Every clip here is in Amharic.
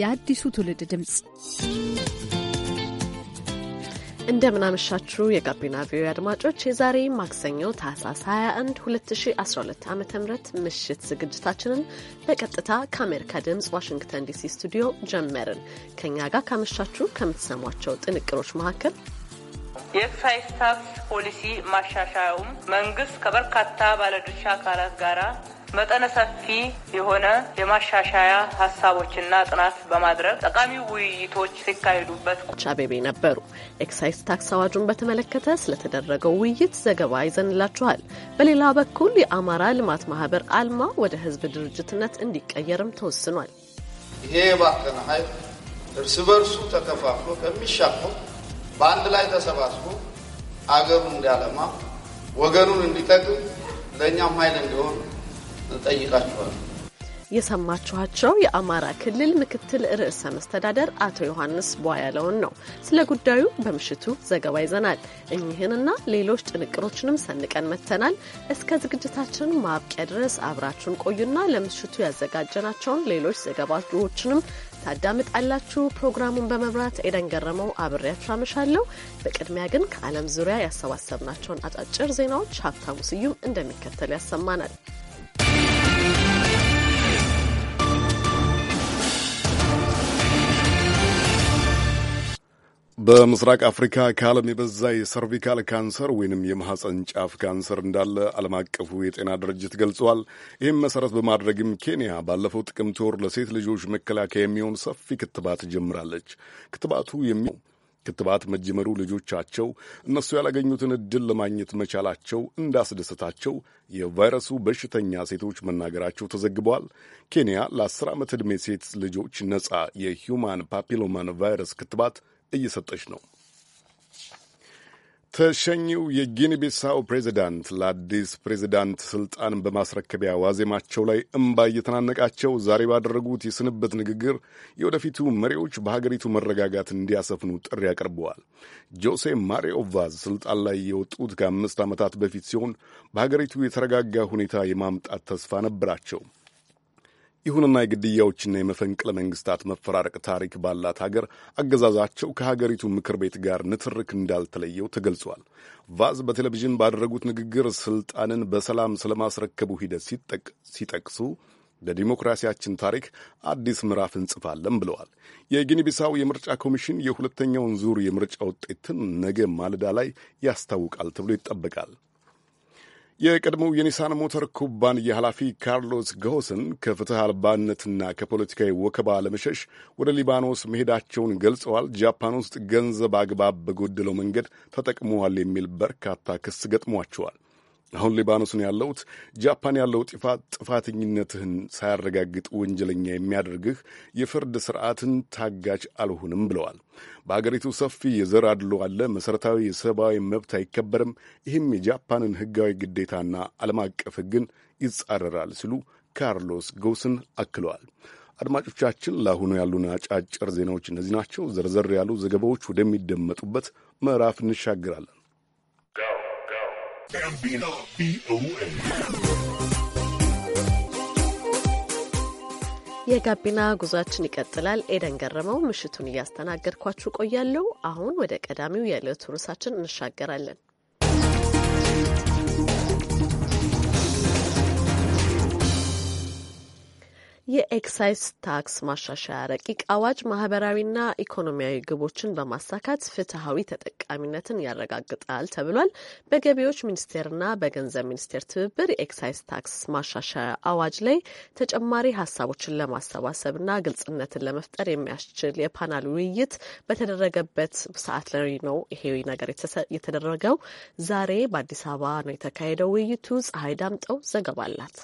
የአዲሱ ትውልድ ድምፅ እንደምናመሻችሁ የጋቢና ቪዮ አድማጮች የዛሬ ማክሰኞ ታህሳስ 21 2012 ዓ ም ምሽት ዝግጅታችንን በቀጥታ ከአሜሪካ ድምፅ ዋሽንግተን ዲሲ ስቱዲዮ ጀመርን። ከእኛ ጋር ካመሻችሁ ከምትሰሟቸው ጥንቅሮች መካከል የኤክሳይዝ ታክስ ፖሊሲ ማሻሻያውም መንግስት ከበርካታ ባለድርሻ አካላት ጋር መጠነ ሰፊ የሆነ የማሻሻያ ሀሳቦችና ጥናት በማድረግ ጠቃሚ ውይይቶች ሲካሄዱበት አቤቤ ነበሩ። ኤክሳይዝ ታክስ አዋጁን በተመለከተ ስለተደረገው ውይይት ዘገባ ይዘንላችኋል። በሌላ በኩል የአማራ ልማት ማህበር አልማ ወደ ህዝብ ድርጅትነት እንዲቀየርም ተወስኗል። ይሄ የባከነ ኃይል እርስ በርሱ ተከፋፍሎ ከሚሻፈው በአንድ ላይ ተሰባስቦ አገሩን እንዲያለማ ወገኑን እንዲጠቅም ለእኛም ኃይል እንዲሆን ጠይቃችኋል። የሰማችኋቸው የአማራ ክልል ምክትል ርዕሰ መስተዳደር አቶ ዮሐንስ ቧያለውን ነው። ስለ ጉዳዩ በምሽቱ ዘገባ ይዘናል። እኚህንና ሌሎች ጥንቅሮችንም ሰንቀን መጥተናል። እስከ ዝግጅታችን ማብቂያ ድረስ አብራችሁን ቆዩና ለምሽቱ ያዘጋጀናቸውን ሌሎች ዘገባዎችንም ታዳምጣላችሁ። ፕሮግራሙን በመብራት ኤደን ገረመው አብሬያችሁ አመሻለሁ። በቅድሚያ ግን ከዓለም ዙሪያ ያሰባሰብናቸውን አጫጭር ዜናዎች ሀብታሙ ስዩም እንደሚከተል ያሰማናል። በምስራቅ አፍሪካ ከዓለም የበዛ የሰርቪካል ካንሰር ወይንም የማህፀን ጫፍ ካንሰር እንዳለ ዓለም አቀፉ የጤና ድርጅት ገልጸዋል። ይህም መሠረት በማድረግም ኬንያ ባለፈው ጥቅምት ወር ለሴት ልጆች መከላከያ የሚሆን ሰፊ ክትባት ጀምራለች። ክትባቱ ክትባት መጀመሩ ልጆቻቸው እነሱ ያላገኙትን ዕድል ለማግኘት መቻላቸው እንዳስደሰታቸው የቫይረሱ በሽተኛ ሴቶች መናገራቸው ተዘግበዋል። ኬንያ ለአስር ዓመት ዕድሜ ሴት ልጆች ነጻ የሂውማን ፓፒሎማን ቫይረስ ክትባት እየሰጠች ነው። ተሸኘው የጊኒ ቢሳው ፕሬዚዳንት ለአዲስ ፕሬዚዳንት ስልጣን በማስረከቢያ ዋዜማቸው ላይ እምባ እየተናነቃቸው ዛሬ ባደረጉት የስንብት ንግግር የወደፊቱ መሪዎች በሀገሪቱ መረጋጋት እንዲያሰፍኑ ጥሪ አቅርበዋል። ጆሴ ማሪዮ ቫዝ ስልጣን ላይ የወጡት ከአምስት ዓመታት በፊት ሲሆን በሀገሪቱ የተረጋጋ ሁኔታ የማምጣት ተስፋ ነበራቸው። ይሁንና የግድያዎችና የመፈንቅለ መንግስታት መፈራረቅ ታሪክ ባላት ሀገር አገዛዛቸው ከሀገሪቱ ምክር ቤት ጋር ንትርክ እንዳልተለየው ተገልጿል። ቫዝ በቴሌቪዥን ባደረጉት ንግግር ስልጣንን በሰላም ስለማስረከቡ ሂደት ሲጠቅሱ ለዲሞክራሲያችን ታሪክ አዲስ ምዕራፍ እንጽፋለን ብለዋል። የጊኒቢሳው የምርጫ ኮሚሽን የሁለተኛውን ዙር የምርጫ ውጤትን ነገ ማለዳ ላይ ያስታውቃል ተብሎ ይጠበቃል። የቀድሞው የኒሳን ሞተር ኩባንያ ኃላፊ ካርሎስ ጎስን ከፍትህ አልባነትና ከፖለቲካዊ ወከባ ለመሸሽ ወደ ሊባኖስ መሄዳቸውን ገልጸዋል። ጃፓን ውስጥ ገንዘብ አግባብ በጎደለው መንገድ ተጠቅመዋል የሚል በርካታ ክስ ገጥሟቸዋል። አሁን ሊባኖስን ያለሁት ጃፓን ያለው ጥፋተኝነትህን ሳያረጋግጥ ወንጀለኛ የሚያደርግህ የፍርድ ስርዓትን ታጋች አልሆንም ብለዋል። በሀገሪቱ ሰፊ የዘር አድሎ አለ። መሠረታዊ የሰብአዊ መብት አይከበርም። ይህም የጃፓንን ህጋዊ ግዴታና ዓለም አቀፍ ህግን ይጻረራል ሲሉ ካርሎስ ጎስን አክለዋል። አድማጮቻችን፣ ለአሁኑ ያሉን አጫጭር ዜናዎች እነዚህ ናቸው። ዘርዘር ያሉ ዘገባዎች ወደሚደመጡበት ምዕራፍ እንሻግራለን። የጋቢና ጉዟችን ይቀጥላል። ኤደን ገረመው ምሽቱን እያስተናገድኳችሁ ቆያለሁ። አሁን ወደ ቀዳሚው የዕለቱ ርዕሳችን እንሻገራለን። የኤክሳይዝ ታክስ ማሻሻያ ረቂቅ አዋጅ ማህበራዊና ኢኮኖሚያዊ ግቦችን በማሳካት ፍትሐዊ ተጠቃሚነትን ያረጋግጣል ተብሏል። በገቢዎች ሚኒስቴርና በገንዘብ ሚኒስቴር ትብብር የኤክሳይዝ ታክስ ማሻሻያ አዋጅ ላይ ተጨማሪ ሀሳቦችን ለማሰባሰብና ግልጽነትን ለመፍጠር የሚያስችል የፓናል ውይይት በተደረገበት ሰዓት ላይ ነው ይሄ ነገር የተደረገው። ዛሬ በአዲስ አበባ ነው የተካሄደው ውይይቱ። ፀሐይ ዳምጠው ዘገባ አላት።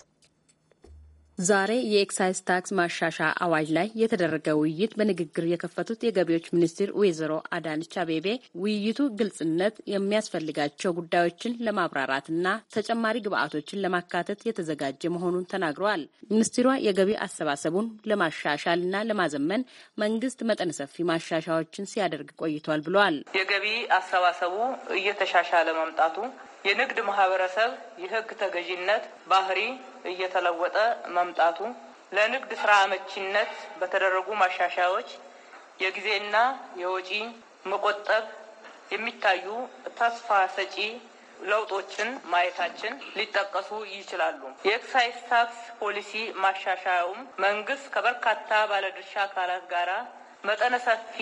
ዛሬ የኤክሳይዝ ታክስ ማሻሻያ አዋጅ ላይ የተደረገ ውይይት በንግግር የከፈቱት የገቢዎች ሚኒስትር ወይዘሮ አዳነች አቤቤ ውይይቱ ግልጽነት የሚያስፈልጋቸው ጉዳዮችን ለማብራራትና ተጨማሪ ግብአቶችን ለማካተት የተዘጋጀ መሆኑን ተናግረዋል። ሚኒስትሯ የገቢ አሰባሰቡን ለማሻሻል እና ለማዘመን መንግስት መጠነ ሰፊ ማሻሻያዎችን ሲያደርግ ቆይቷል ብለዋል። የገቢ አሰባሰቡ እየተሻሻለ መምጣቱ የንግድ ማህበረሰብ የህግ ተገዥነት ባህሪ እየተለወጠ መምጣቱ ለንግድ ስራ አመቺነት በተደረጉ ማሻሻያዎች የጊዜና የወጪ መቆጠብ የሚታዩ ተስፋ ሰጪ ለውጦችን ማየታችን ሊጠቀሱ ይችላሉ። የኤክሳይዝ ታክስ ፖሊሲ ማሻሻያውም መንግስት ከበርካታ ባለድርሻ አካላት ጋራ መጠነ ሰፊ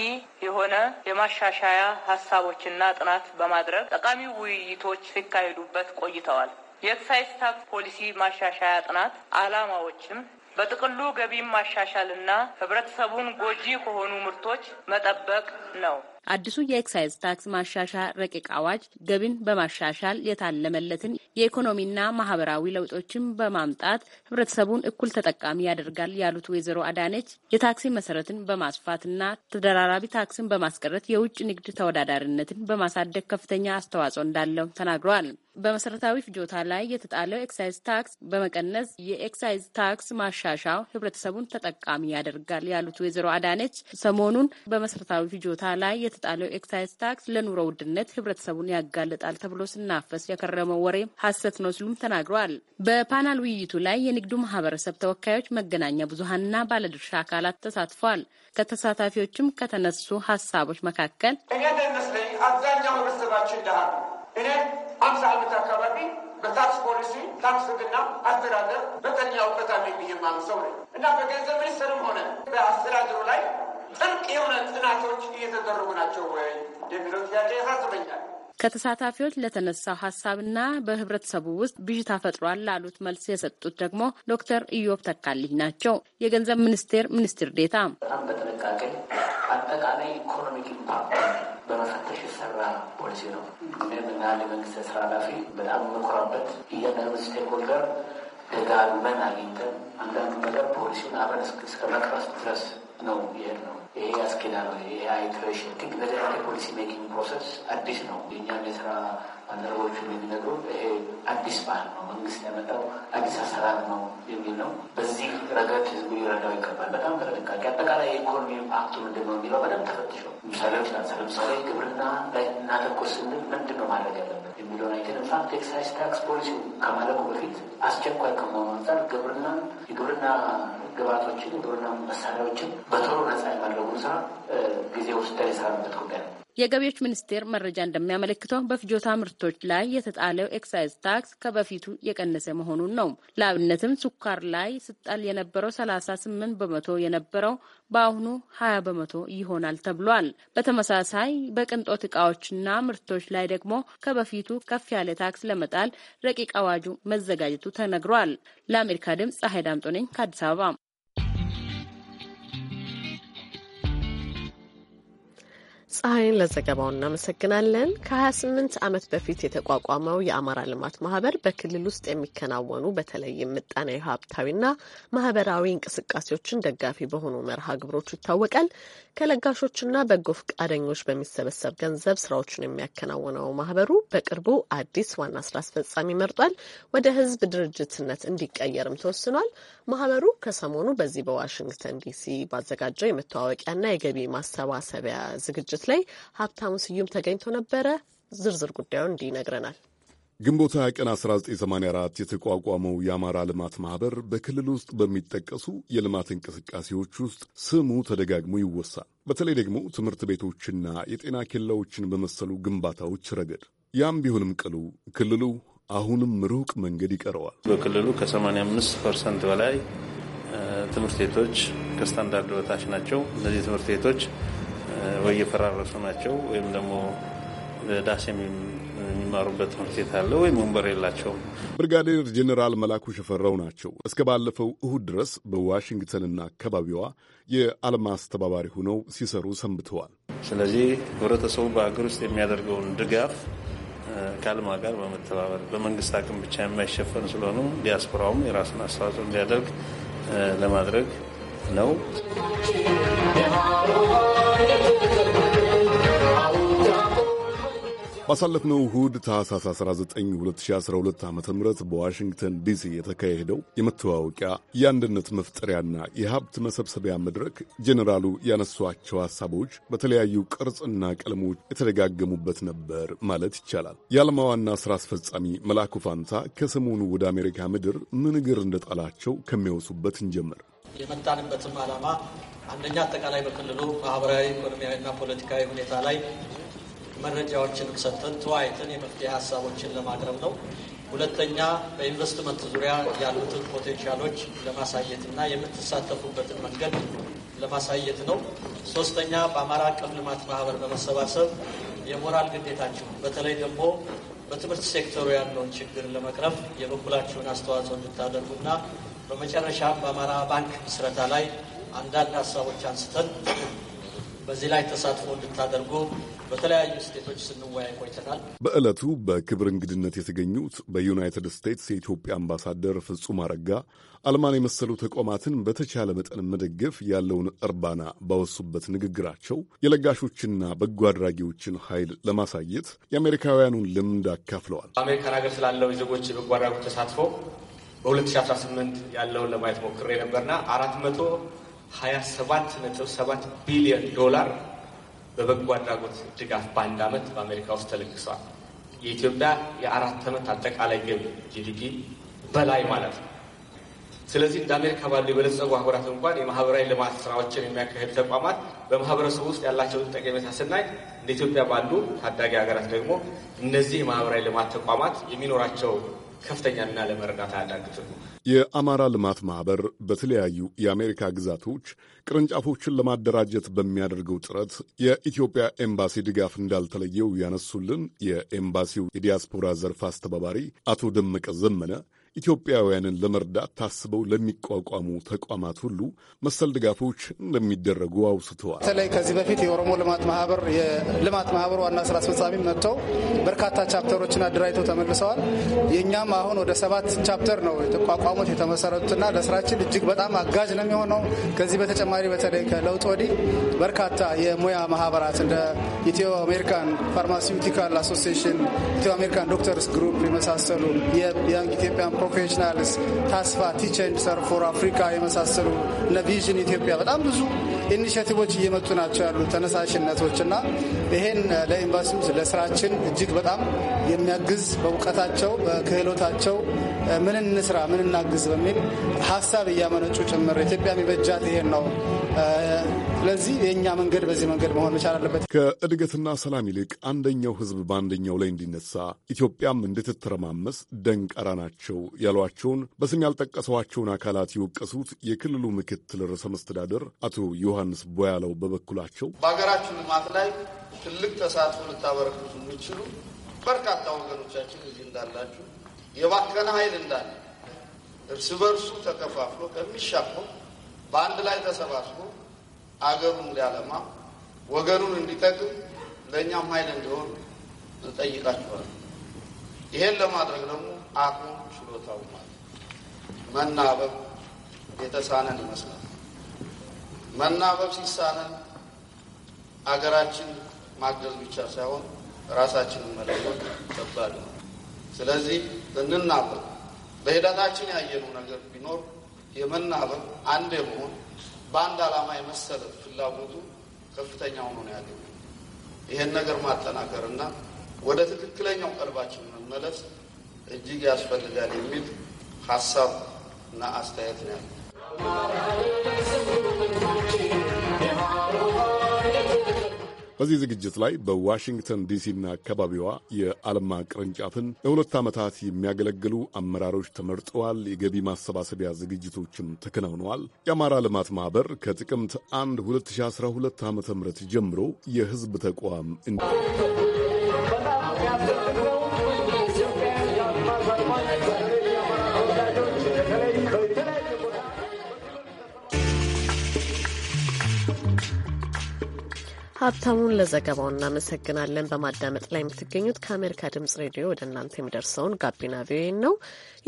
የሆነ የማሻሻያ ሀሳቦችና ጥናት በማድረግ ጠቃሚ ውይይቶች ሲካሄዱበት ቆይተዋል። የኤክሳይዝ ታክስ ፖሊሲ ማሻሻያ ጥናት ዓላማዎችም በጥቅሉ ገቢም ማሻሻልና ህብረተሰቡን ጎጂ ከሆኑ ምርቶች መጠበቅ ነው። አዲሱ የኤክሳይዝ ታክስ ማሻሻያ ረቂቅ አዋጅ ገቢን በማሻሻል የታለመለትን የኢኮኖሚና ማህበራዊ ለውጦችን በማምጣት ህብረተሰቡን እኩል ተጠቃሚ ያደርጋል ያሉት ወይዘሮ አዳነች የታክሲ መሰረትን በማስፋትና ተደራራቢ ታክስን በማስቀረት የውጭ ንግድ ተወዳዳሪነትን በማሳደግ ከፍተኛ አስተዋጽኦ እንዳለው ተናግረዋል። በመሰረታዊ ፍጆታ ላይ የተጣለው ኤክሳይዝ ታክስ በመቀነስ የኤክሳይዝ ታክስ ማሻሻው ህብረተሰቡን ተጠቃሚ ያደርጋል ያሉት ወይዘሮ አዳነች ሰሞኑን በመሰረታዊ ፍጆታ ላይ የተጣለው ኤክሳይዝ ታክስ ለኑሮ ውድነት ህብረተሰቡን ያጋልጣል ተብሎ ስናፈስ የከረመው ወሬ ሀሰት ነው ሲሉም ተናግረዋል። በፓናል ውይይቱ ላይ የንግዱ ማህበረሰብ ተወካዮች፣ መገናኛ ብዙሀንና ባለድርሻ አካላት ተሳትፈዋል። ከተሳታፊዎችም ከተነሱ ሀሳቦች መካከል እኔ እንደሚመስለኝ አብዛኛው ህብረተሰባችን ድሃ ነው። እኔ አምሳ ዓመት አካባቢ በታክስ ፖሊሲ ታክስ ህግና አስተዳደር በተኛ እውቀት አለኝ ብዬ የማምን ሰው ነኝ እና በገንዘብ ሚኒስትርም ሆነ በአስተዳደሩ ላይ ጥልቅ የሆነ ጥናቶች እየተደረጉ ናቸው ወይ የሚለው ጥያቄ ያሳስበኛል። ከተሳታፊዎች ለተነሳው ሀሳብና በህብረተሰቡ ውስጥ ብዥታ ፈጥሯል ላሉት መልስ የሰጡት ደግሞ ዶክተር ኢዮብ ተካልኝ ናቸው። የገንዘብ ሚኒስቴር ሚኒስትር ዴታ በጣም በጥንቃቄ አጠቃላይ ኢኮኖሚክ ኢምፓክት በመፈተሽ የሰራ ፖሊሲ ነው። ምንምና የመንግስት ስራ ኃላፊ በጣም የምኮራበት እያንዳንዱ ስቴክሆልደር ደጋግመን አግኝተን አንዳንዱ ነገር ፖሊሲን አብረን እስከ መቅረስ ድረስ ነው ይሄድ ነው ይሄ አስኬዳል ነው። ይሄ አይትሬሽን ግን በደረግ ፖሊሲ ሜኪንግ ፕሮሰስ አዲስ ነው። የእኛም የስራ ባልደረቦቹ የሚነግሩ ይሄ አዲስ ባህል ነው፣ መንግስት ያመጣው አዲስ አሰራር ነው የሚል ነው። በዚህ ረገድ ህዝቡ ሊረዳው ይገባል። በጣም በጥንቃቄ አጠቃላይ የኢኮኖሚ ኢምፓክቱ ምንድን ነው የሚለው በደንብ ተፈትሾ ምሳሌ ላንሳ። ለምሳሌ ግብርና ላይ እናተኮር ስንል ምንድን ነው ማድረግ ያለበት የሚለውን አይተን ኢንፋክት ኤክሳይዝ ታክስ ፖሊሲ ከማለቁ በፊት አስቸኳይ ከመሆኑ አንጻር ግብርና የግብርና ግብዓቶችን፣ ግብርና መሳሪያዎችን በቶሎ ነጻ የማድረጉን ስራ ጊዜ ውስጥ የሰራበት ጉዳይ ነው። የገቢዎች ሚኒስቴር መረጃ እንደሚያመለክተው በፍጆታ ምርቶች ላይ የተጣለው ኤክሳይዝ ታክስ ከበፊቱ የቀነሰ መሆኑን ነው። ለአብነትም ሱካር ላይ ስጣል የነበረው 38 በመቶ የነበረው በአሁኑ 20 በመቶ ይሆናል ተብሏል። በተመሳሳይ በቅንጦት እቃዎችና ምርቶች ላይ ደግሞ ከበፊቱ ከፍ ያለ ታክስ ለመጣል ረቂቅ አዋጁ መዘጋጀቱ ተነግሯል። ለአሜሪካ ድምፅ ፀሐይ ዳምጦ ነኝ ከአዲስ አበባ ፀሐይን ለዘገባው እናመሰግናለን። ከ28 ዓመት በፊት የተቋቋመው የአማራ ልማት ማህበር በክልል ውስጥ የሚከናወኑ በተለይም ምጣኔ ሀብታዊና ማህበራዊ እንቅስቃሴዎችን ደጋፊ በሆኑ መርሃ ግብሮቹ ይታወቃል። ከለጋሾችና በጎ ፈቃደኞች በሚሰበሰብ ገንዘብ ስራዎችን የሚያከናውነው ማህበሩ በቅርቡ አዲስ ዋና ስራ አስፈጻሚ መርጧል። ወደ ህዝብ ድርጅትነት እንዲቀየርም ተወስኗል። ማህበሩ ከሰሞኑ በዚህ በዋሽንግተን ዲሲ ባዘጋጀው የመተዋወቂያና የገቢ ማሰባሰቢያ ዝግጅት ዝግጅት ላይ ሀብታሙ ስዩም ተገኝቶ ነበረ። ዝርዝር ጉዳዩን እንዲህ ይነግረናል። ግንቦት 20 ቀን 1984 የተቋቋመው የአማራ ልማት ማህበር በክልል ውስጥ በሚጠቀሱ የልማት እንቅስቃሴዎች ውስጥ ስሙ ተደጋግሞ ይወሳል። በተለይ ደግሞ ትምህርት ቤቶችና የጤና ኬላዎችን በመሰሉ ግንባታዎች ረገድ። ያም ቢሆንም ቅሉ ክልሉ አሁንም ሩቅ መንገድ ይቀረዋል። በክልሉ ከ85 ፐርሰንት በላይ ትምህርት ቤቶች ከስታንዳርድ በታች ናቸው። እነዚህ ትምህርት ቤቶች ወይ የፈራረሱ ናቸው ወይም ደግሞ ዳሴ የሚማሩበት ትምህርት ቤት አለ ወይም ወንበር የላቸውም። ብርጋዴር ጄኔራል መላኩ ሽፈራው ናቸው። እስከ ባለፈው እሁድ ድረስ በዋሽንግተንና አካባቢዋ የዓለም አስተባባሪ ሆነው ሲሰሩ ሰንብተዋል። ስለዚህ ህብረተሰቡ በሀገር ውስጥ የሚያደርገውን ድጋፍ ከአልማ ጋር በመተባበር በመንግስት አቅም ብቻ የማይሸፈን ስለሆኑ ዲያስፖራውም የራሱን አስተዋጽኦ እንዲያደርግ ለማድረግ ነው። ባሳለፍነው እሁድ ታህሳስ 19 2012 ዓ ም በዋሽንግተን ዲሲ የተካሄደው የመተዋወቂያ የአንድነት መፍጠሪያና የሀብት መሰብሰቢያ መድረክ ጀኔራሉ ያነሷቸው ሐሳቦች በተለያዩ ቅርጽና ቀለሞች የተደጋገሙበት ነበር ማለት ይቻላል። የዓለማ ዋና ሥራ አስፈጻሚ መላኩ ፋንታ ከሰሞኑ ወደ አሜሪካ ምድር ምን እግር እንደጣላቸው ከሚያወሱበት እንጀምር። የመጣንበትም ዓላማ አንደኛ አጠቃላይ በክልሉ ማህበራዊ፣ ኢኮኖሚያዊና ፖለቲካዊ ሁኔታ ላይ መረጃዎችንም ሰጥተን ተወያይተን የመፍትሄ ሀሳቦችን ለማቅረብ ነው። ሁለተኛ በኢንቨስትመንት ዙሪያ ያሉትን ፖቴንሻሎች ለማሳየት የምትሳተፉበትን መንገድ ለማሳየት ነው። ሶስተኛ በአማራ አቀፍ ልማት ማህበር በመሰባሰብ የሞራል ግዴታችሁ በተለይ ደግሞ በትምህርት ሴክተሩ ያለውን ችግር ለመቅረፍ የበኩላችሁን አስተዋጽኦ እንድታደርጉና በመጨረሻም በአማራ ባንክ ምስረታ ላይ አንዳንድ ሀሳቦች አንስተን በዚህ ላይ ተሳትፎ እንድታደርጉ በተለያዩ ስቴቶች ስንወያይ ቆይተናል። በዕለቱ በክብር እንግድነት የተገኙት በዩናይትድ ስቴትስ የኢትዮጵያ አምባሳደር ፍጹም አረጋ አልማን የመሰሉ ተቋማትን በተቻለ መጠን መደገፍ ያለውን እርባና ባወሱበት ንግግራቸው የለጋሾችና በጎ አድራጊዎችን ኃይል ለማሳየት የአሜሪካውያኑን ልምድ አካፍለዋል። በአሜሪካን ሀገር ስላለው የዜጎች የበጎ አድራጎት ተሳትፎ በ2018 ያለውን ለማየት ሞክሬ ነበርና 427.7 ቢሊዮን ዶላር በበጎ አድራጎት ድጋፍ በአንድ ዓመት በአሜሪካ ውስጥ ተለግሰዋል። የኢትዮጵያ የአራት ዓመት አጠቃላይ ገቢ ጂዲፒ በላይ ማለት ነው። ስለዚህ እንደ አሜሪካ ባሉ የበለጸጉ አህጉራት እንኳን የማህበራዊ ልማት ስራዎችን የሚያካሄዱ ተቋማት በማህበረሰቡ ውስጥ ያላቸውን ጠቀሜታ ስናይ እንደ ኢትዮጵያ ባሉ ታዳጊ ሀገራት ደግሞ እነዚህ የማህበራዊ ልማት ተቋማት የሚኖራቸው ከፍተኛና ለመረዳት አያዳግትም። የአማራ ልማት ማህበር በተለያዩ የአሜሪካ ግዛቶች ቅርንጫፎችን ለማደራጀት በሚያደርገው ጥረት የኢትዮጵያ ኤምባሲ ድጋፍ እንዳልተለየው ያነሱልን የኤምባሲው የዲያስፖራ ዘርፍ አስተባባሪ አቶ ደመቀ ዘመነ ኢትዮጵያውያንን ለመርዳት ታስበው ለሚቋቋሙ ተቋማት ሁሉ መሰል ድጋፎች እንደሚደረጉ አውስተዋል። በተለይ ከዚህ በፊት የኦሮሞ ልማት ማህበር የልማት ማህበር ዋና ስራ አስፈጻሚ መጥተው በርካታ ቻፕተሮችን አደራጅተው ተመልሰዋል። የእኛም አሁን ወደ ሰባት ቻፕተር ነው የተቋቋሙት የተመሰረቱትና ለስራችን እጅግ በጣም አጋዥ ነው የሚሆነው። ከዚህ በተጨማሪ በተለይ ከለውጥ ወዲህ በርካታ የሙያ ማህበራት እንደ ኢትዮ አሜሪካን ፋርማሲውቲካል አሶሲሽን፣ ኢትዮ አሜሪካን ዶክተርስ ግሩፕ የመሳሰሉ ኢትዮጵያ ፕሮፌሽናልስ፣ ታስፋ ቲቸንድ ሰር ፎር አፍሪካ የመሳሰሉ ለቪዥን ኢትዮጵያ በጣም ብዙ ኢኒሽቲቮች እየመጡ ናቸው ያሉ ተነሳሽነቶች እና ይሄን ለኤምባሲው ለስራችን እጅግ በጣም የሚያግዝ በእውቀታቸው በክህሎታቸው ምን እንስራ ምን እናግዝ በሚል ሀሳብ እያመነጩ ጭምር ኢትዮጵያ የሚበጃት ይሄን ነው ስለዚህ የእኛ መንገድ በዚህ መንገድ መሆን መቻል አለበት። ከእድገትና ሰላም ይልቅ አንደኛው ህዝብ በአንደኛው ላይ እንዲነሳ ኢትዮጵያም እንድትተረማመስ ደንቀራ ናቸው ያሏቸውን በስም ያልጠቀሰዋቸውን አካላት የወቀሱት የክልሉ ምክትል ርዕሰ መስተዳደር አቶ ዮሐንስ ቦያለው በበኩላቸው በሀገራችን ልማት ላይ ትልቅ ተሳትፎ ልታበረክቱ የሚችሉ በርካታ ወገኖቻችን እዚህ እንዳላችሁ የባከነ ኃይል እንዳለ እርስ በርሱ ተከፋፍሎ ከሚሻፈው በአንድ ላይ ተሰባስቦ አገሩን እንዲያለማ ወገኑን እንዲጠቅም ለእኛም ኃይል እንዲሆን እንጠይቃቸዋለን። ይሄን ለማድረግ ደግሞ አቅሙ ችሎታው ማለት መናበብ የተሳነን ይመስላል። መናበብ ሲሳነን አገራችን ማገዝ ብቻ ሳይሆን ራሳችንን መለወጥ ከባድ ነው። ስለዚህ እንናበብ። በሂደታችን ያየነው ነገር ቢኖር የመናበብ አንድ የመሆን በአንድ ዓላማ የመሰለፍ ፍላጎቱ ከፍተኛ ሆኖ ነው ያገኘ። ይህን ነገር ማጠናከር እና ወደ ትክክለኛው ቀልባችን መመለስ እጅግ ያስፈልጋል የሚል ሀሳብ እና አስተያየት ነው ያለ በዚህ ዝግጅት ላይ በዋሽንግተን ዲሲና አካባቢዋ የአልማ ቅርንጫፍን ለሁለት ዓመታት የሚያገለግሉ አመራሮች ተመርጠዋል። የገቢ ማሰባሰቢያ ዝግጅቶችም ተከናውነዋል። የአማራ ልማት ማኅበር ከጥቅምት 1 2012 ዓ ም ጀምሮ የሕዝብ ተቋም እንዲ ሀብታሙን ለዘገባው እናመሰግናለን። በማዳመጥ ላይ የምትገኙት ከአሜሪካ ድምጽ ሬዲዮ ወደ እናንተ የሚደርሰውን ጋቢና ቪኦኤ ነው።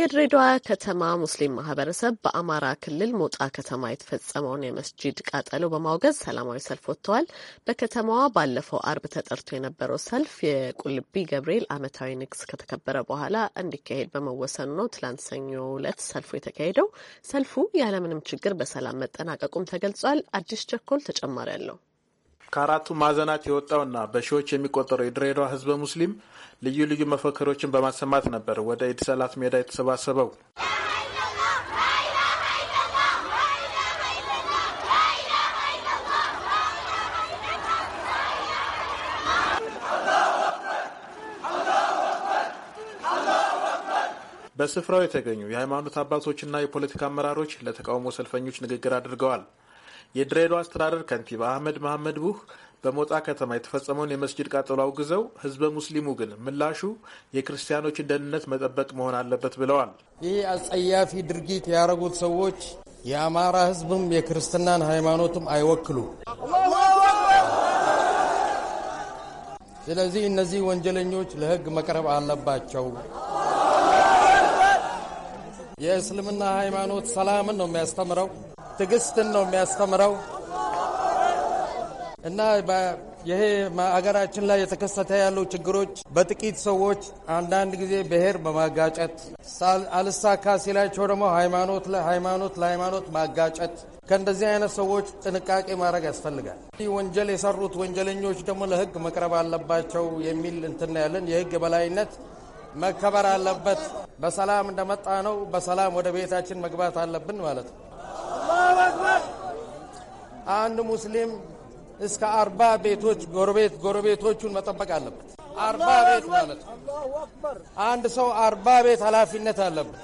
የድሬዳዋ ከተማ ሙስሊም ማህበረሰብ በአማራ ክልል ሞጣ ከተማ የተፈጸመውን የመስጂድ ቃጠሎ በማውገዝ ሰላማዊ ሰልፍ ወጥተዋል። በከተማዋ ባለፈው አርብ ተጠርቶ የነበረው ሰልፍ የቁልቢ ገብርኤል ዓመታዊ ንግስ ከተከበረ በኋላ እንዲካሄድ በመወሰኑ ነው ትላንት ሰኞ ዕለት ሰልፉ የተካሄደው። ሰልፉ ያለምንም ችግር በሰላም መጠናቀቁም ተገልጿል። አዲስ ቸኮል ተጨማሪ አለው። ከአራቱ ማዕዘናት የወጣውና በሺዎች የሚቆጠረው የድሬዳዋ ህዝበ ሙስሊም ልዩ ልዩ መፈክሮችን በማሰማት ነበር ወደ ኢድ ሰላት ሜዳ የተሰባሰበው። በስፍራው የተገኙ የሃይማኖት አባቶችና የፖለቲካ አመራሮች ለተቃውሞ ሰልፈኞች ንግግር አድርገዋል። የድሬዳዋ አስተዳደር ከንቲባ አህመድ መሐመድ ቡህ በሞጣ ከተማ የተፈጸመውን የመስጅድ ቃጠሎ አውግዘው ህዝበ ሙስሊሙ ግን ምላሹ የክርስቲያኖችን ደህንነት መጠበቅ መሆን አለበት ብለዋል። ይህ አጸያፊ ድርጊት ያደረጉት ሰዎች የአማራ ህዝብም የክርስትናን ሃይማኖትም አይወክሉ። ስለዚህ እነዚህ ወንጀለኞች ለህግ መቅረብ አለባቸው። የእስልምና ሃይማኖት ሰላምን ነው የሚያስተምረው። ትዕግስትን ነው የሚያስተምረው እና ይሄ አገራችን ላይ የተከሰተ ያለው ችግሮች በጥቂት ሰዎች አንዳንድ ጊዜ ብሔር በማጋጨት አልሳካ ሲላቸው ደግሞ ሃይማኖት ለሃይማኖት ለሃይማኖት ማጋጨት ከእንደዚህ አይነት ሰዎች ጥንቃቄ ማድረግ ያስፈልጋል። ወንጀል የሰሩት ወንጀለኞች ደግሞ ለህግ መቅረብ አለባቸው የሚል እንትን ያለን የህግ የበላይነት መከበር አለበት። በሰላም እንደመጣ ነው በሰላም ወደ ቤታችን መግባት አለብን ማለት ነው። አንድ ሙስሊም እስከ አርባ ቤቶች ጎረቤት ጎረቤቶቹን መጠበቅ አለበት። አርባ ቤት ማለት አንድ ሰው አርባ ቤት ኃላፊነት አለበት።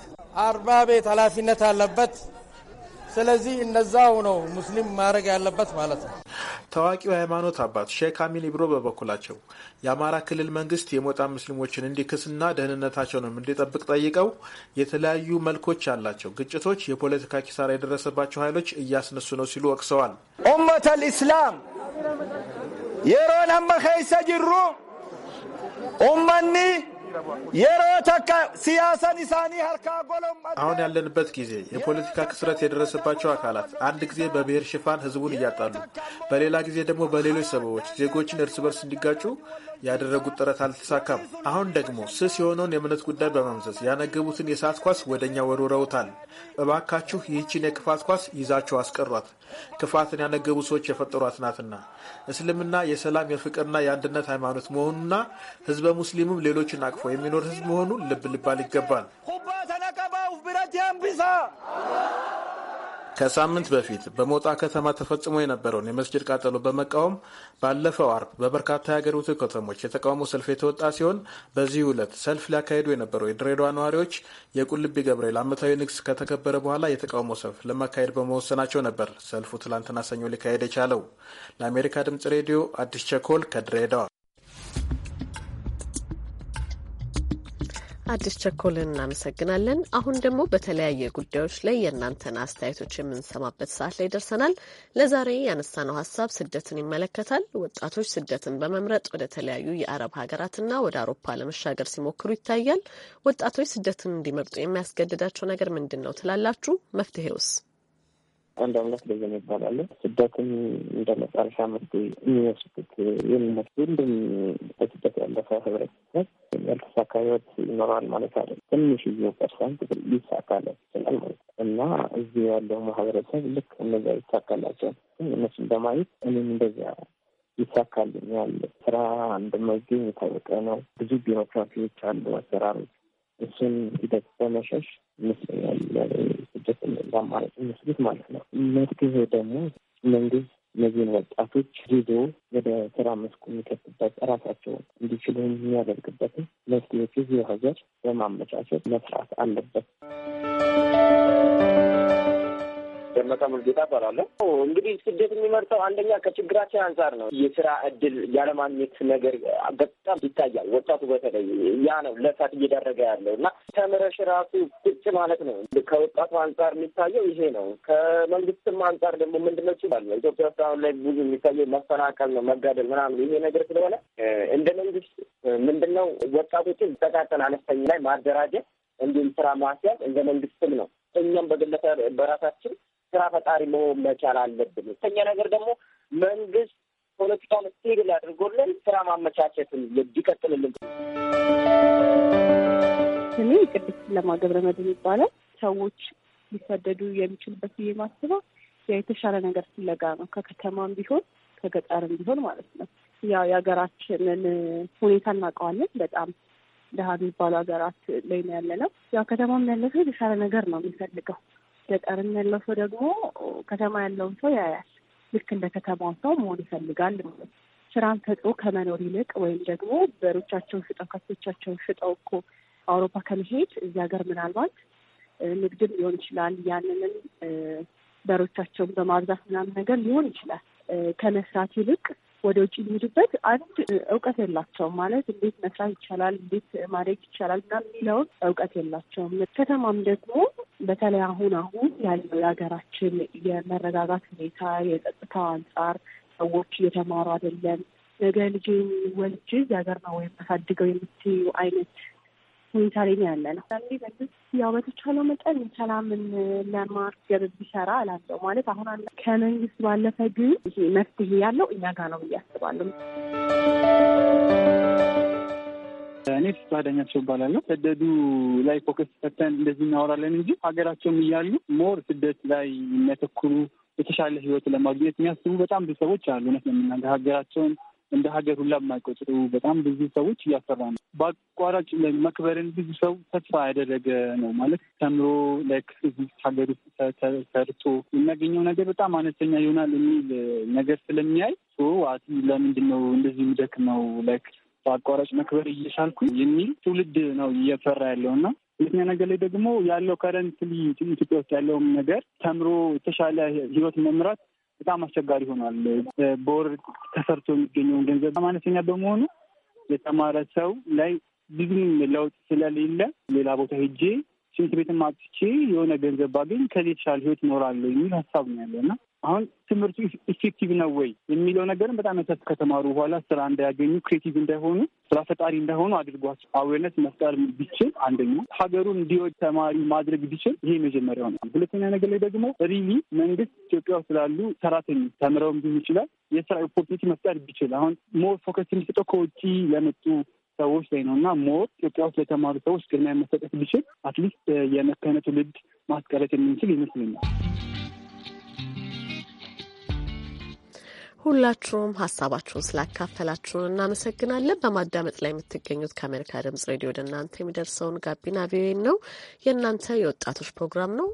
አርባ ቤት ኃላፊነት አለበት። ስለዚህ እነዛው ነው ሙስሊም ማድረግ ያለበት ማለት ነው። ታዋቂው የሃይማኖት አባት ሼክ አሚን ኢብሮ በበኩላቸው የአማራ ክልል መንግስት የሞጣ ሙስሊሞችን እንዲክስና ደህንነታቸውንም እንዲጠብቅ ጠይቀው የተለያዩ መልኮች ያላቸው ግጭቶች የፖለቲካ ኪሳራ የደረሰባቸው ኃይሎች እያስነሱ ነው ሲሉ ወቅሰዋል። ኡመት ልእስላም የሮን አመኸይሰ ጅሩ ኡመኒ አሁን ያለንበት ጊዜ የፖለቲካ ክስረት የደረሰባቸው አካላት አንድ ጊዜ በብሔር ሽፋን ህዝቡን እያጣሉ፣ በሌላ ጊዜ ደግሞ በሌሎች ሰበቦች ዜጎችን እርስ በርስ እንዲጋጩ ያደረጉት ጥረት አልተሳካም። አሁን ደግሞ ስስ የሆነውን የእምነት ጉዳይ በመምዘዝ ያነገቡትን የእሳት ኳስ ወደኛ ወርውረውታል። እባካችሁ ይህችን የክፋት ኳስ ይዛችሁ አስቀሯት። ክፋትን ያነገቡ ሰዎች የፈጠሯት ናትና። እስልምና የሰላም የፍቅርና የአንድነት ሃይማኖት መሆኑና ህዝበ ሙስሊሙም ሌሎችን አቅፎ የሚኖር ህዝብ መሆኑ ልብ ልባል ይገባል። ከሳምንት በፊት በሞጣ ከተማ ተፈጽሞ የነበረውን የመስጅድ ቃጠሎ በመቃወም ባለፈው አርብ በበርካታ የሀገሪቱ ከተሞች የተቃውሞ ሰልፍ የተወጣ ሲሆን በዚህ ዕለት ሰልፍ ሊያካሄዱ የነበረው የድሬዳዋ ነዋሪዎች የቁልቢ ገብርኤል ዓመታዊ ንግስ ከተከበረ በኋላ የተቃውሞ ሰልፍ ለማካሄድ በመወሰናቸው ነበር ሰልፉ ትላንትና ሰኞ ሊካሄድ የቻለው። ለአሜሪካ ድምጽ ሬዲዮ አዲስ ቸኮል ከድሬዳዋ አዲስ ቸኮልን እናመሰግናለን። አሁን ደግሞ በተለያየ ጉዳዮች ላይ የእናንተን አስተያየቶች የምንሰማበት ሰዓት ላይ ደርሰናል። ለዛሬ ያነሳነው ሀሳብ ስደትን ይመለከታል። ወጣቶች ስደትን በመምረጥ ወደ ተለያዩ የአረብ ሀገራትና ወደ አውሮፓ ለመሻገር ሲሞክሩ ይታያል። ወጣቶች ስደትን እንዲመርጡ የሚያስገድዳቸው ነገር ምንድን ነው ትላላችሁ? መፍትሄውስ? አንድ አምላክ በየነ ይባላሉ። ስደትን እንደ መጨረሻ መፍትሄ የሚወስዱት የሚመስሉ እንድም በስደት ያለፈ ህብረተሰብ ያልተሳካ ህይወት ይኖራል ማለት አይደለም። ዩ ፐርሰንት ይሳካለ ይችላል ማለት ነው እና እዚህ ያለው ማህበረሰብ ልክ እነዚያ ይሳካላቸው እነሱ እንደማየት እኔም እንደዚያ ይሳካልኛል። ስራ እንደማይገኝ የታወቀ ነው። ብዙ ቢሮክራሲዎች አሉ፣ አሰራሮች እሱን ሂደት በመሸሽ ይመስለኛል ድርጅት በአማራጭ የሚወስዱት ማለት ነው። መፍትሄ ደግሞ መንግስት እነዚህን ወጣቶች ይዞ ወደ ስራ መስኩ የሚከትበት ራሳቸውን እንዲችሉ የሚያደርግበትን መፍትሄዎች እዚሁ ሀገር በማመቻቸት መስራት አለበት። ደመቀ ሙልጌታ እባላለሁ። እንግዲህ ስደት የሚመርጠው አንደኛ ከችግራችን አንጻር ነው። የስራ እድል ያለማግኘት ነገር በጣም ይታያል። ወጣቱ በተለይ ያ ነው ለሳት እየዳረገ ያለው እና ተምረሽ ራሱ ቁጭ ማለት ነው። ከወጣቱ አንጻር የሚታየው ይሄ ነው። ከመንግስትም አንጻር ደግሞ ምንድነው ይችላል ኢትዮጵያ ውስጥ አሁን ላይ ብዙ የሚታየው መፈናቀል ነው፣ መጋደል ምናምን ይሄ ነገር ስለሆነ እንደ መንግስት ምንድነው ወጣቶችን ጠቃቀን አነስተኛ ላይ ማደራጀት እንዲሁም ስራ ማስያዝ እንደ መንግስትም ነው እኛም በግለሰብ በራሳችን ስራ ፈጣሪ መሆን መቻል አለብን። ሁለተኛ ነገር ደግሞ መንግስት ፖለቲካውን ስቴብል አድርጎልን ስራ ማመቻቸትን ይቀጥልልን። እኔ ቅድስት ለማገብረ መድን ይባላል። ሰዎች ሊሰደዱ የሚችሉበት ብዬ ማስበው የተሻለ ነገር ፍለጋ ነው። ከከተማም ቢሆን ከገጠርም ቢሆን ማለት ነው። ያው የሀገራችንን ሁኔታ እናውቀዋለን። በጣም ደሀ የሚባሉ ሀገራት ላይ ነው ያለ ነው። ያው ከተማም ያለ ሰው የተሻለ ነገር ነው የሚፈልገው ገጠርም ያለው ሰው ደግሞ ከተማ ያለውን ሰው ያያል። ልክ እንደ ከተማው ሰው መሆን ይፈልጋል። ስራን ፈጥሮ ከመኖር ይልቅ ወይም ደግሞ በሮቻቸውን ሽጠው ከብቶቻቸውን ሽጠው እኮ አውሮፓ ከመሄድ እዚህ ሀገር ምናልባት ንግድም ሊሆን ይችላል ያንንም በሮቻቸውን በማብዛት ምናምን ነገር ሊሆን ይችላል ከመስራት ይልቅ ወደ ውጭ የሚሄዱበት አንድ እውቀት የላቸውም። ማለት እንዴት መስራት ይቻላል፣ እንዴት ማድረግ ይቻላል እና የሚለውን እውቀት የላቸውም። ከተማም ደግሞ በተለይ አሁን አሁን ያለው የሀገራችን የመረጋጋት ሁኔታ የጸጥታው አንጻር ሰዎች እየተማሩ አይደለም። ነገ ልጅ ወልጅ የሀገር ነው ወይም አሳድገው የምትዩ አይነት ሁኔታ ላይ ነው ያለ ነው። ለሚ መንግስት ያው በተቻለው መጠን ሰላምን ለማስገብ ቢሰራ እላለሁ። ማለት አሁን አለ ከመንግስት ባለፈ ግን ይሄ መፍትሄ ያለው እኛ ጋር ነው ብዬ አስባለሁ። እኔ ፈቃደኛቸው እባላለሁ። ስደዱ ላይ ፎከስ ፈተን እንደዚህ እናወራለን እንጂ ሀገራቸውም እያሉ ሞር ስደት ላይ የሚያተኩሩ የተሻለ ህይወት ለማግኘት የሚያስቡ በጣም ብዙ ሰዎች አሉ። እውነት ለምናገር ሀገራቸውን እንደ ሀገር ሁላ የማይቆጥሩ በጣም ብዙ ሰዎች እያሰራ ነው። በአቋራጭ መክበርን ብዙ ሰው ተስፋ ያደረገ ነው ማለት ተምሮ ላይክ ሀገር ውስጥ ሰርቶ የሚያገኘው ነገር በጣም አነስተኛ ይሆናል የሚል ነገር ስለሚያይ አቲ ለምንድን ነው እንደዚህ ነው ለክ በአቋራጭ መክበር እየሻልኩ የሚል ትውልድ ነው እየፈራ ያለው እና ሁለተኛ ነገር ላይ ደግሞ ያለው ከረንትሊ ኢትዮጵያ ውስጥ ያለውም ነገር ተምሮ የተሻለ ህይወት መምራት በጣም አስቸጋሪ ሆኗል። በወር ተሰርቶ የሚገኘውን ገንዘብ በጣም አነስተኛ በመሆኑ የተማረ ሰው ላይ ብዙም ለውጥ ስለሌለ ሌላ ቦታ ሄጄ ሽንት ቤት ማጥቼ የሆነ ገንዘብ ባገኝ ከዚህ የተሻለ ህይወት ይኖራለሁ የሚል ሀሳብ ነው ያለው እና አሁን ትምህርቱ ኢፌክቲቭ ነው ወይ የሚለው ነገርም በጣም ያሳት ከተማሩ በኋላ ስራ እንዳያገኙ ክሬቲቭ እንዳይሆኑ ስራ ፈጣሪ እንዳይሆኑ አድርጓቸው አዌርነት መፍጠር ቢችል አንደኛ ሀገሩን እንዲወድ ተማሪ ማድረግ ቢችል ይሄ መጀመሪያው ነው። ሁለተኛ ነገር ላይ ደግሞ ሪሊ መንግስት ኢትዮጵያ ውስጥ ላሉ ሰራተኞች ተምረውም ቢሆን ይችላል የስራ ኦፖርቲኒቲ መፍጠር ቢችል አሁን ሞር ፎከስ የሚሰጠው ከውጭ ለመጡ ሰዎች ላይ ነው እና ሞር ኢትዮጵያ ውስጥ ለተማሩ ሰዎች ቅድሚያ መሰጠት ቢችል አትሊስት የመከነ ትውልድ ማስቀረት የምንችል ይመስለኛል። ሁላችሁም ሀሳባችሁን ስላካፈላችሁን እናመሰግናለን። በማዳመጥ ላይ የምትገኙት ከአሜሪካ ድምጽ ሬዲዮ ወደ እናንተ የሚደርሰውን ጋቢና ቪኦኤ ነው። የእናንተ የወጣቶች ፕሮግራም ነው።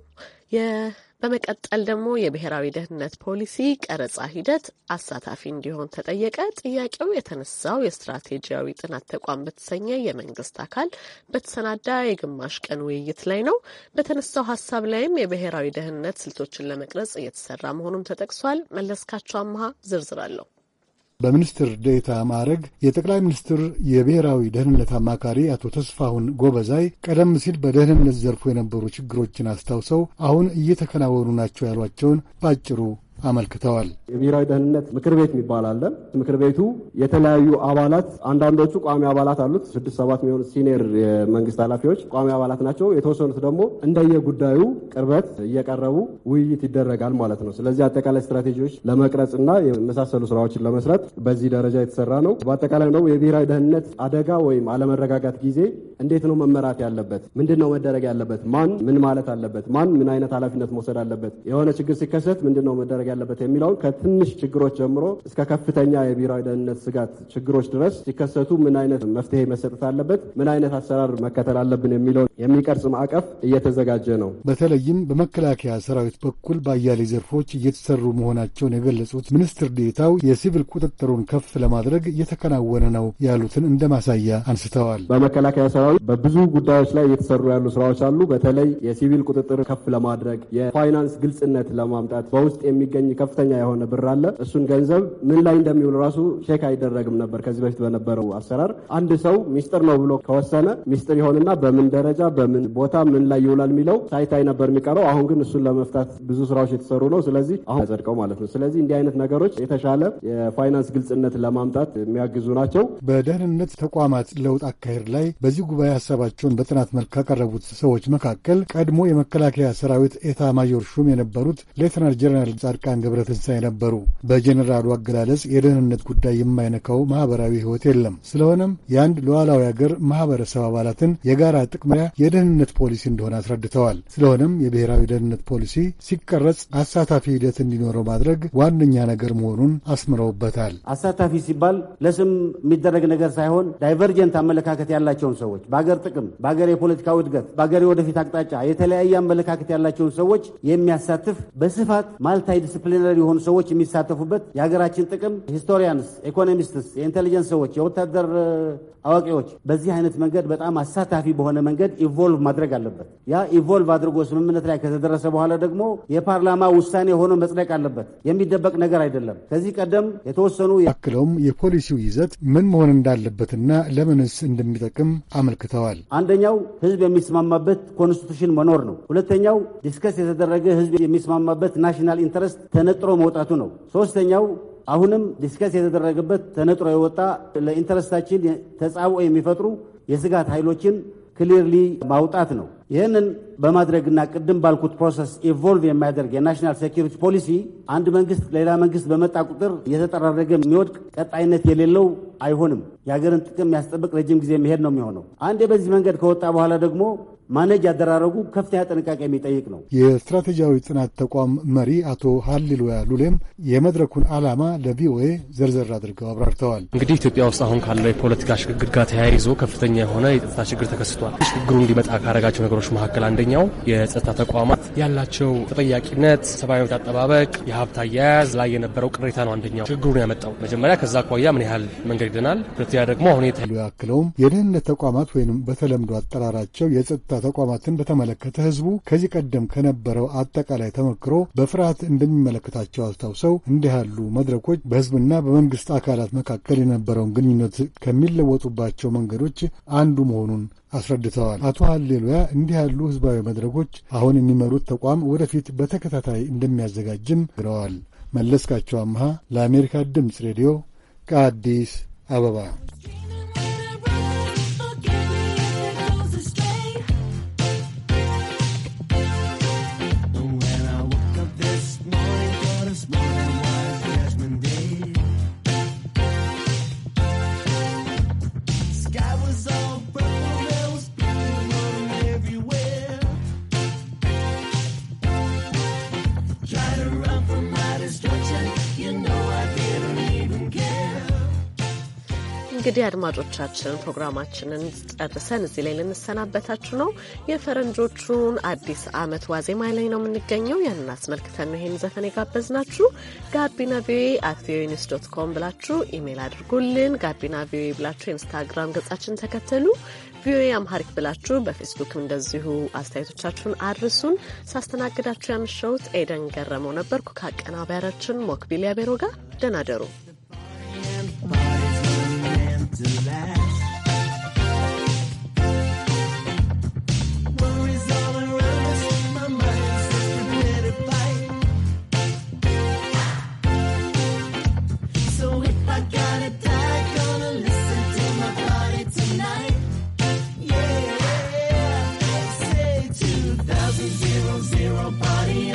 በመቀጠል ደግሞ የብሔራዊ ደህንነት ፖሊሲ ቀረጻ ሂደት አሳታፊ እንዲሆን ተጠየቀ። ጥያቄው የተነሳው የስትራቴጂያዊ ጥናት ተቋም በተሰኘ የመንግስት አካል በተሰናዳ የግማሽ ቀን ውይይት ላይ ነው። በተነሳው ሀሳብ ላይም የብሔራዊ ደህንነት ስልቶችን ለመቅረጽ እየተሰራ መሆኑም ተጠቅሷል። መለስካቸው አምሃ ዝርዝር አለው። በሚኒስትር ዴታ ማዕረግ የጠቅላይ ሚኒስትር የብሔራዊ ደህንነት አማካሪ አቶ ተስፋሁን ጎበዛይ ቀደም ሲል በደህንነት ዘርፉ የነበሩ ችግሮችን አስታውሰው አሁን እየተከናወኑ ናቸው ያሏቸውን በአጭሩ አመልክተዋል። የብሔራዊ ደህንነት ምክር ቤት የሚባል አለ። ምክር ቤቱ የተለያዩ አባላት አንዳንዶቹ ቋሚ አባላት አሉት። ስድስት ሰባት የሚሆኑ ሲኒየር የመንግስት ኃላፊዎች ቋሚ አባላት ናቸው። የተወሰኑት ደግሞ እንደየ ጉዳዩ ቅርበት እየቀረቡ ውይይት ይደረጋል ማለት ነው። ስለዚህ አጠቃላይ ስትራቴጂዎች ለመቅረጽ እና የመሳሰሉ ስራዎችን ለመስራት በዚህ ደረጃ የተሰራ ነው። በአጠቃላይ ደግሞ የብሔራዊ ደህንነት አደጋ ወይም አለመረጋጋት ጊዜ እንዴት ነው መመራት ያለበት? ምንድን ነው መደረግ ያለበት? ማን ምን ማለት አለበት? ማን ምን አይነት ኃላፊነት መውሰድ አለበት? የሆነ ችግር ሲከሰት ምንድን ነው መደረግ ያለበት የሚለውን ከትንሽ ችግሮች ጀምሮ እስከ ከፍተኛ የብሔራዊ ደህንነት ስጋት ችግሮች ድረስ ሲከሰቱ ምን አይነት መፍትሄ መሰጠት አለበት፣ ምን አይነት አሰራር መከተል አለብን የሚለውን የሚቀርጽ ማዕቀፍ እየተዘጋጀ ነው። በተለይም በመከላከያ ሰራዊት በኩል በአያሌ ዘርፎች እየተሰሩ መሆናቸውን የገለጹት ሚኒስትር ዴታው የሲቪል ቁጥጥሩን ከፍ ለማድረግ እየተከናወነ ነው ያሉትን እንደ ማሳያ አንስተዋል። በመከላከያ ሰራዊት በብዙ ጉዳዮች ላይ እየተሰሩ ያሉ ስራዎች አሉ። በተለይ የሲቪል ቁጥጥር ከፍ ለማድረግ የፋይናንስ ግልጽነት ለማምጣት በውስጥ የሚ የሚገኝ ከፍተኛ የሆነ ብር አለ። እሱን ገንዘብ ምን ላይ እንደሚውል ራሱ ቼክ አይደረግም ነበር ከዚህ በፊት በነበረው አሰራር። አንድ ሰው ሚስጥር ነው ብሎ ከወሰነ ሚስጥር ይሆንና በምን ደረጃ በምን ቦታ ምን ላይ ይውላል የሚለው ሳይታይ ነበር የሚቀረው። አሁን ግን እሱን ለመፍታት ብዙ ስራዎች የተሰሩ ነው። ስለዚህ አሁን ያጸድቀው ማለት ነው። ስለዚህ እንዲህ አይነት ነገሮች የተሻለ የፋይናንስ ግልጽነት ለማምጣት የሚያግዙ ናቸው። በደህንነት ተቋማት ለውጥ አካሄድ ላይ በዚህ ጉባኤ ሀሳባቸውን በጥናት መልክ ካቀረቡት ሰዎች መካከል ቀድሞ የመከላከያ ሰራዊት ኤታ ማጆር ሹም የነበሩት ሌተናል ጀነራል ጻድቃ ጻድቃን ገብረትንሳኤ ነበሩ። በጄኔራሉ አገላለጽ የደህንነት ጉዳይ የማይነካው ማህበራዊ ህይወት የለም። ስለሆነም የአንድ ሉዓላዊ አገር ማህበረሰብ አባላትን የጋራ ጥቅሚያ የደህንነት ፖሊሲ እንደሆነ አስረድተዋል። ስለሆነም የብሔራዊ ደህንነት ፖሊሲ ሲቀረጽ አሳታፊ ሂደት እንዲኖረው ማድረግ ዋነኛ ነገር መሆኑን አስምረውበታል። አሳታፊ ሲባል ለስም የሚደረግ ነገር ሳይሆን ዳይቨርጀንት አመለካከት ያላቸውን ሰዎች በአገር ጥቅም፣ በአገር የፖለቲካ እድገት፣ በአገር የወደፊት አቅጣጫ የተለያየ አመለካከት ያላቸውን ሰዎች የሚያሳትፍ በስፋት ማልታይድ ዲስፕሊነሪ የሆኑ ሰዎች የሚሳተፉበት የሀገራችን ጥቅም ሂስቶሪያንስ፣ ኢኮኖሚስትስ፣ የኢንቴሊጀንስ ሰዎች፣ የወታደር አዋቂዎች በዚህ አይነት መንገድ በጣም አሳታፊ በሆነ መንገድ ኢቮልቭ ማድረግ አለበት። ያ ኢቮልቭ አድርጎ ስምምነት ላይ ከተደረሰ በኋላ ደግሞ የፓርላማ ውሳኔ ሆኖ መጽደቅ አለበት። የሚደበቅ ነገር አይደለም። ከዚህ ቀደም የተወሰኑ አክለውም የፖሊሲው ይዘት ምን መሆን እንዳለበትና ለምንስ እንደሚጠቅም አመልክተዋል። አንደኛው ህዝብ የሚስማማበት ኮንስቲቱሽን መኖር ነው። ሁለተኛው ዲስከስ የተደረገ ህዝብ የሚስማማበት ናሽናል ኢንተረስት ተነጥሮ መውጣቱ ነው። ሶስተኛው አሁንም ዲስከስ የተደረገበት ተነጥሮ የወጣ ለኢንተረስታችን ተጻውኦ የሚፈጥሩ የስጋት ኃይሎችን ክሊርሊ ማውጣት ነው። ይህንን በማድረግና ቅድም ባልኩት ፕሮሰስ ኢቮልቭ የሚያደርግ የናሽናል ሴኪሪቲ ፖሊሲ አንድ መንግስት ሌላ መንግስት በመጣ ቁጥር የተጠራረገ የሚወድቅ ቀጣይነት የሌለው አይሆንም። የሀገርን ጥቅም ያስጠብቅ ረጅም ጊዜ መሄድ ነው የሚሆነው። አንዴ በዚህ መንገድ ከወጣ በኋላ ደግሞ ማነጅ ያደራረጉ ከፍተኛ ጥንቃቄ የሚጠይቅ ነው። የስትራቴጂያዊ ጥናት ተቋም መሪ አቶ ሀሊሎያ ሉሌም የመድረኩን ዓላማ ለቪኦኤ ዘርዘር አድርገው አብራርተዋል። እንግዲህ ኢትዮጵያ ውስጥ አሁን ካለው የፖለቲካ ሽግግር ጋር ተያይዞ ከፍተኛ የሆነ የጸጥታ ችግር ተከስቷል። ሽግግሩ እንዲመጣ ካረጋቸው ነገሮች መካከል አንደኛው የጸጥታ ተቋማት ያላቸው ተጠያቂነት፣ ሰብአዊ መብት አጠባበቅ፣ የሀብት አያያዝ ላይ የነበረው ቅሬታ ነው አንደኛው ችግሩን ያመጣው። መጀመሪያ ከዛ አኳያ ምን ያህል መንገድ ይደናል። ሁለተኛ ደግሞ አሁን ያክለውም የደህንነት ተቋማት ወይም በተለምዶ አጠራራቸው የጸጥታ ተቋማትን በተመለከተ ህዝቡ ከዚህ ቀደም ከነበረው አጠቃላይ ተሞክሮ በፍርሃት እንደሚመለከታቸው አስታውሰው እንዲህ ያሉ መድረኮች በህዝብና በመንግስት አካላት መካከል የነበረውን ግንኙነት ከሚለወጡባቸው መንገዶች አንዱ መሆኑን አስረድተዋል። አቶ ሀሌሉያ እንዲህ ያሉ ህዝባዊ መድረኮች አሁን የሚመሩት ተቋም ወደፊት በተከታታይ እንደሚያዘጋጅም ግረዋል። መለስካቸው አምሃ ለአሜሪካ ድምፅ ሬዲዮ ከአዲስ አበባ እንግዲህ አድማጮቻችን ፕሮግራማችንን ጨርሰን እዚህ ላይ ልንሰናበታችሁ ነው። የፈረንጆቹን አዲስ ዓመት ዋዜማ ላይ ነው የምንገኘው። ያንን አስመልክተን ነው ይህን ዘፈን የጋበዝናችሁ። ጋቢና ቪኦኤ አት ቪኦኤ ኒውስ ዶት ኮም ብላችሁ ኢሜይል አድርጉልን። ጋቢና ቪኦኤ ብላችሁ ኢንስታግራም ገጻችን ተከተሉ። ቪኦኤ አምሃሪክ ብላችሁ በፌስቡክም እንደዚሁ አስተያየቶቻችሁን አድርሱን። ሳስተናግዳችሁ ያምሸውት ኤደን ገረመው ነበርኩ ከአቀናባሪያችን ሞክቢሊያ ያቤሮ ጋር ደናደሩ hero body.